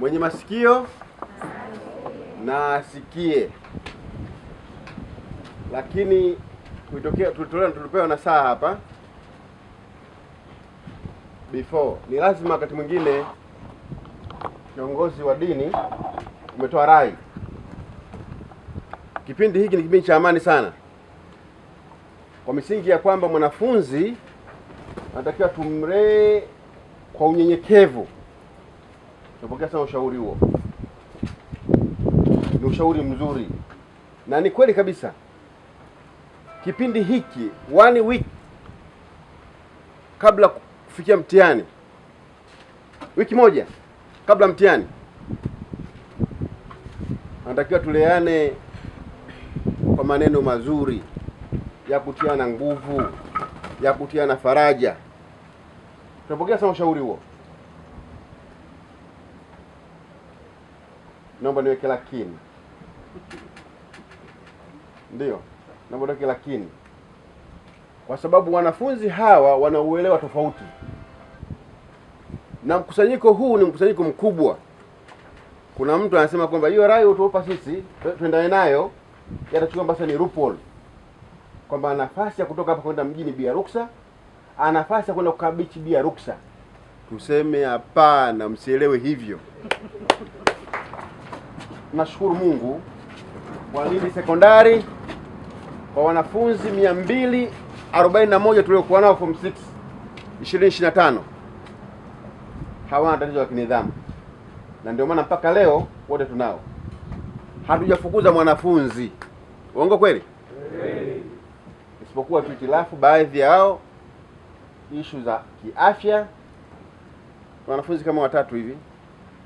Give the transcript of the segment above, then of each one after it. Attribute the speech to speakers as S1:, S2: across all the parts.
S1: Mwenye masikio na asikie. Lakini tulitokea tulitolewa tulipewa na saa hapa before, ni lazima wakati mwingine kiongozi wa dini umetoa rai. Kipindi hiki ni kipindi cha amani sana, kwa misingi ya kwamba mwanafunzi anatakiwa tumlee kwa unyenyekevu. Napokea sana ushauri huo, ni ushauri mzuri na ni kweli kabisa. Kipindi hiki one week kabla kufikia mtihani, wiki moja kabla mtihani, anatakiwa tuleane kwa maneno mazuri ya kutiana nguvu, ya kutiana faraja. Tunapokea sana ushauri huo. naomba niweke lakini, ndio naomba niweke lakini, kwa sababu wanafunzi hawa wanauelewa tofauti, na mkusanyiko huu ni mkusanyiko mkubwa. Kuna mtu anasema kwamba hiyo rai utuopa sisi tuendane nayo yatachukua basi, ni RUPOL kwamba nafasi ya kutoka hapa kwenda mjini bila ruksa, ana nafasi ya kwenda kukaa bichi bila ruksa. Tuseme hapana, msielewe hivyo. Nashukuru Mungu, Wangindi sekondari kwa wanafunzi 241 tuliokuwa nao form 6 2025 hawana tatizo la kinidhamu, na ndio maana mpaka leo wote tunao, hatujafukuza mwanafunzi. Uongo kweli? Isipokuwa tu hitilafu baadhi yao ishu za kiafya, wanafunzi kama watatu hivi,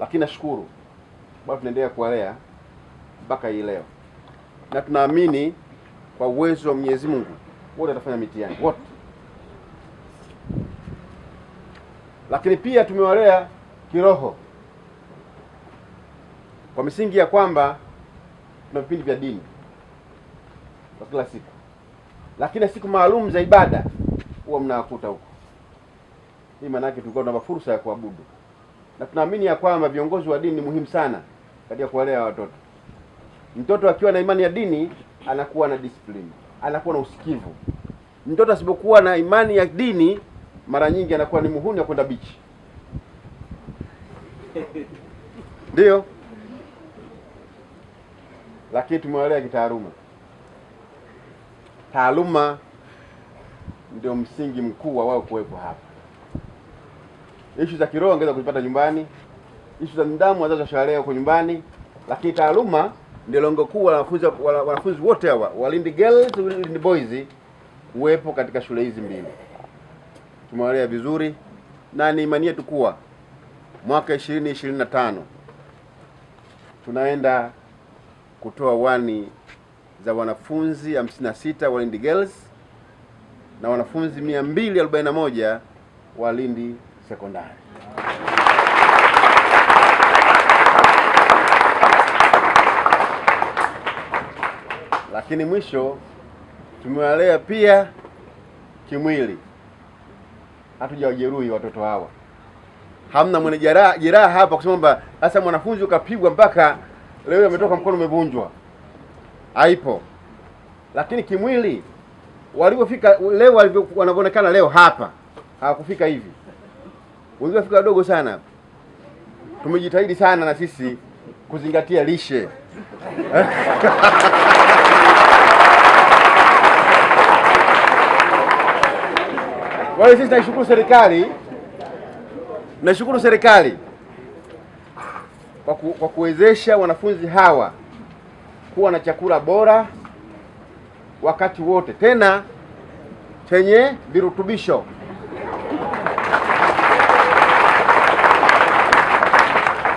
S1: lakini nashukuru bado tunaendelea kuwalea mpaka hii leo, na tunaamini kwa uwezo wa Mwenyezi Mungu wote watafanya mitihani wote, lakini pia tumewalea kiroho kwa misingi ya kwamba tuna vipindi vya dini kwa kila siku, lakini siku maalum za ibada huwa mnawakuta huko. Hii maana yake tulikuwa tunapa fursa ya kuabudu, na tunaamini ya kwamba viongozi wa dini ni muhimu sana katika kuwalea watoto. Mtoto akiwa na imani ya dini anakuwa na discipline, anakuwa na usikivu. Mtoto asipokuwa na imani ya dini, mara nyingi anakuwa ni muhuni akwenda bichi, ndio Lakini tumewalea kitaaluma. Taaluma ndio msingi mkuu wa wao kuwepo hapa. Ishu za kiroho angeweza kuzipata nyumbani ishu za nidhamu wazazi washalea huko nyumbani, lakini taaluma ndio lengo kuu wanafunzi wanafunzi wote hawa Walindi girls Walindi boys kuwepo katika shule hizi mbili. Tumewalea vizuri na ni imani yetu kuwa mwaka 2025 tunaenda kutoa wani za wanafunzi 56 Walindi girls na wanafunzi 241 Walindi sekondari. lakini mwisho tumewalea pia kimwili, hatujawajeruhi watoto hawa. Hamna mwenye jeraha hapa kusema kwamba sasa mwanafunzi ukapigwa mpaka leo ametoka mkono umevunjwa, haipo. Lakini kimwili walivyofika leo, wanavyoonekana leo hapa, hawakufika hivi, wengine wafika wadogo sana Tumejitahidi sana na sisi kuzingatia lishe Kwa hiyo sisi tunashukuru serikali, tunashukuru serikali kwa, kuwezesha wanafunzi hawa kuwa na chakula bora wakati wote tena chenye virutubisho.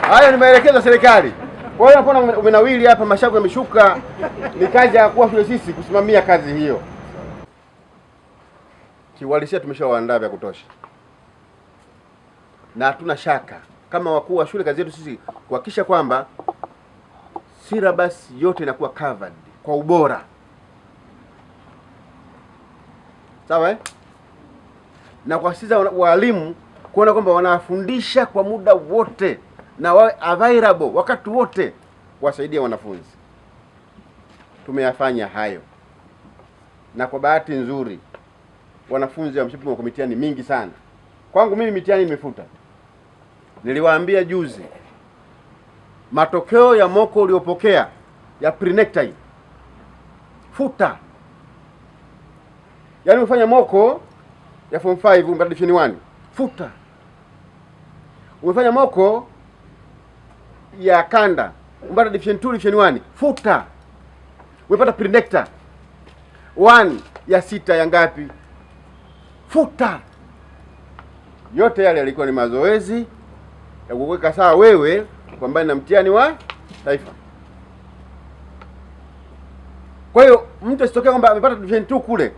S1: Hayo ni maelekezo ya serikali. Kwa hiyo napona umenawili hapa, mashako yameshuka, ni kazi ya kuwa shule sisi kusimamia kazi hiyo kiuhalisia tumeshawaandaa vya kutosha, na hatuna shaka kama wakuu wa shule, kazi yetu sisi kuhakikisha kwamba syllabus yote inakuwa covered kwa ubora. Sawa eh? na kuwasisitiza walimu kuona kwamba wanafundisha kwa muda wote na wawe available wakati wote kuwasaidia wanafunzi. Tumeyafanya hayo, na kwa bahati nzuri wanafunzi wa mshipimo kwa mitihani mingi sana. Kwangu mimi mitihani imefuta. Niliwaambia juzi matokeo ya moko uliopokea ya prenectai futa. Yaani umefanya moko ya form 5 umeenda division 1 futa. Umefanya moko ya kanda umeenda division 2 division 1 futa. Umepata prenecta 1 ya sita ya ngapi? futa. Yote yale yalikuwa ni mazoezi ya kuweka sawa wewe kwamba na mtihani wa taifa. Kwa hiyo mtu asitokea kwamba amepata division 2 kule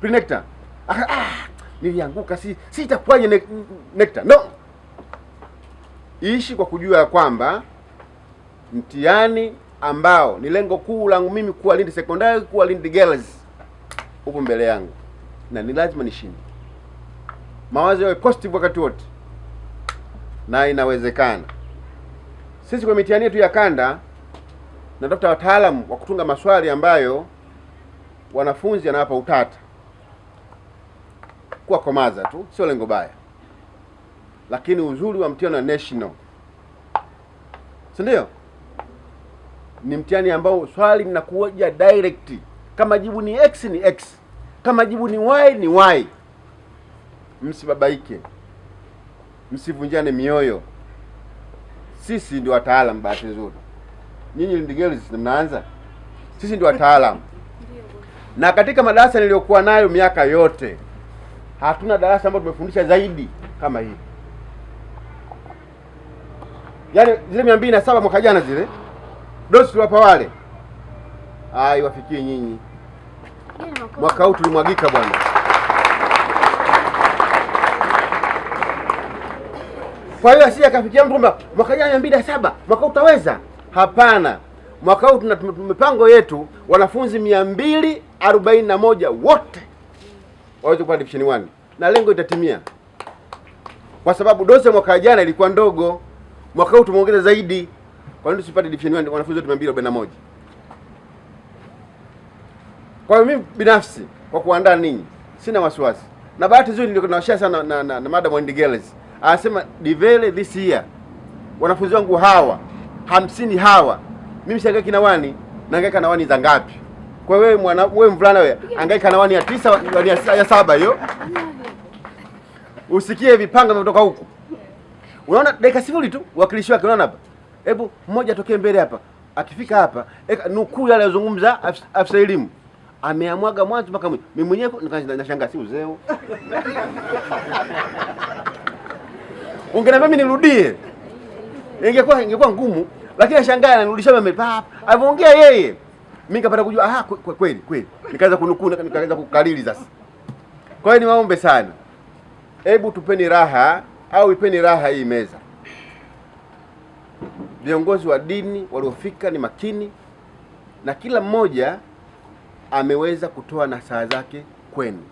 S1: prenecta Ah, nilianguka si si itakuwaje ne, Nectar. No. Ishi kwa kujua kwamba mtihani ambao ni lengo kuu langu mimi kuwa Lindi Secondary, kuwa Lindi Girls upo mbele yangu na ni lazima nishinde. Mawazo yawe positive wakati wote, na inawezekana. Sisi kwenye mitihani yetu ya kanda natafuta wataalamu wa kutunga maswali ambayo wanafunzi anawapa utata, kuwa komaza tu, sio lengo baya, lakini uzuri wa mtihani wa national, si ndio? Ni mtihani ambao swali linakuja direct, kama jibu ni x ni x kama jibu ni wai, ni wai. Msibabaike, msivunjane mioyo. Sisi ndio wataalam Bahati nzuri nyinyi Lindi Girls mnaanza, sisi ndio wataalam na katika madarasa niliyokuwa nayo miaka yote hatuna darasa ambalo tumefundisha zaidi kama hili. Yaani zile mia mbili na saba mwaka jana zile dosi tuliwapa wale, ai wafikie nyinyi mwaka huu tulimwagika bwana. Kwa hiyo asije akafikia mtu kwamba mwaka jana mia mbili na saba mwaka utaweza. Hapana, mwaka huu tuna mipango yetu, wanafunzi mia mbili arobaini na moja wote waweze kupata divisheni 1 na lengo itatimia kwa sababu dozi ya mwaka jana ilikuwa ndogo, mwaka huu tumeongeza zaidi. Kwa nini tusipate divisheni wani wanafunzi wote mia mbili arobaini na moja? Kwa hiyo mimi binafsi kwa kuandaa ninyi sina wasiwasi, na bahati nzuri nilikuwa nawashia sana na, na, na Madam Gales anasema divele this year wanafunzi wangu hawa hamsini hawa mimi siangaiki na wani naangaika na wani za ngapi? Kwa wewe mwana wewe mvulana wewe angaika na wani ya tisa wani ya saba hiyo, usikie vipanga vinatoka huku. Unaona dakika sifuri tu wakilishi wake, unaona hapa, hebu mmoja atokee mbele hapa, akifika hapa nukuu yale yazungumza afisa elimu ameamwaga mwanzo mpaka mwisho. Mimi mwenyewe nashangaa, si uzeo? Ungeniambia mimi nirudie, ingekuwa ingekuwa ngumu, lakini nashangaa ananirudisha mimi papa alivyoongea yeye, mimi nikapata kujua aha, kweli kweli, nikaanza kunukuu, nikaanza kukariri sasa. Kwa hiyo niwaombe sana, hebu tupeni raha au ipeni raha hii meza. Viongozi wa dini waliofika ni makini na kila mmoja ameweza kutoa nasaha zake kwenu.